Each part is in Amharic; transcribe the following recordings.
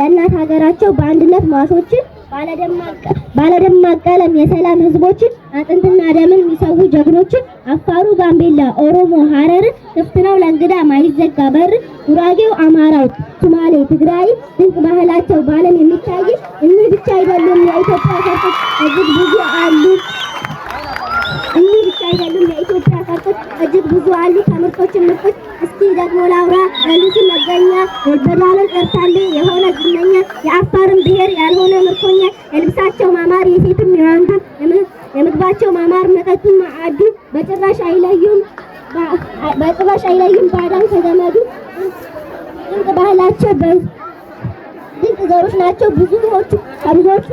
ለእናት ሀገራቸው በአንድነት ማሶችን ባለደማቅ ቀለም የሰላም ህዝቦችን አጥንትና ደምን የሚሰዉ ጀግኖችን አፋሩ፣ ጋምቤላ፣ ኦሮሞ፣ ሀረር ክፍት ነው ለእንግዳ ማይዘጋ በር። ጉራጌው፣ አማራው፣ ሱማሌ፣ ትግራይ ድንቅ ባህላቸው በዓለም የሚታይ እኚህ ብቻ አይደሉም። የኢትዮጵያ ሰርቶች እጅግ ብዙ አሉ። ምርጦች እጅግ ብዙ አሉ። ከምርጦችን ምርቶች እስኪ ደግሞ ላውራ። ሉሲ መገኛ በዳለን ጠርታሌ የሆነ ዝነኛ የአፋርን ብሔር ያልሆነ ምርኮኛ የልብሳቸው ማማር የሴትም የወንዱም የምግባቸው ማማር መጠጡም ማዕዱ በጭራሽ አይለዩም በጭራሽ አይለዩም ባዳን ከዘመዱ ድንቅ ባህላቸው ድንቅ ዘሮች ናቸው ብዙዎቹ ከብዙዎቹ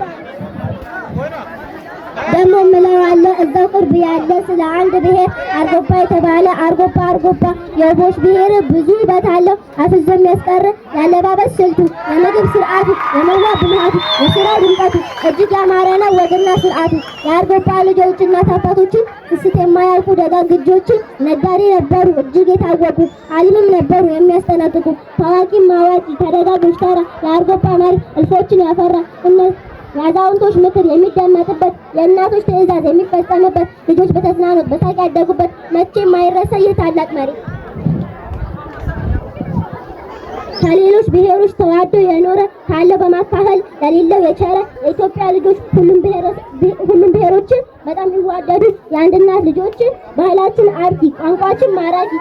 ደግሞ እዛው ቅርብ ያለ ስለ አንድ ብሔር አርጎባ የተባለ አርጎባ አርጎባ የውቦች ብሔር ብዙ ውበት አለው። አፍዝ የሚያስቀር ያለባበስ ስልቱ፣ የምግብ ስርዓቱ፣ የመላ ብልሃቱ፣ የስራ ድምቀቱ እጅግ ያማረ ነው ወግና ስርዓቱ። የአርጎባ ልጆችና እናት አባቶችን ስስት የማያልፉ ደጋግ እጆችን ነጋዴ ነበሩ እጅግ የታወቁ አልምም ነበሩ የሚያስጠነቅቁ ታዋቂም አዋቂ ተደጋጎች ተራ የአርጎባ መሪ እልፎችን ያፈራ የአዛውንቶች ምክር የሚደመጥበት፣ የእናቶች ትዕዛዝ የሚፈጸምበት፣ ልጆች በተዝናኖት በሳቅ ያደጉበት መቼም ማይረሳ ይህ ታላቅ መሪ ከሌሎች ብሔሮች ተዋዶ የኖረ ካለው በማካፈል ለሌለው የቸረ የኢትዮጵያ ልጆች ሁሉም ብሔሮችን በጣም ይዋደዱ የአንድ እናት ልጆችን ባህላችን አርኪ፣ ቋንቋችን ማራኪ፣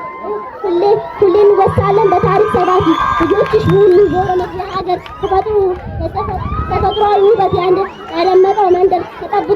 ሁሌ ሁሌ እንወሳለን በታሪክ ሰባኪ ልጆችሽ ሁሉ ተፈጥሮ ተፈጥሯዊ ውበት ያንድ ያደመቀው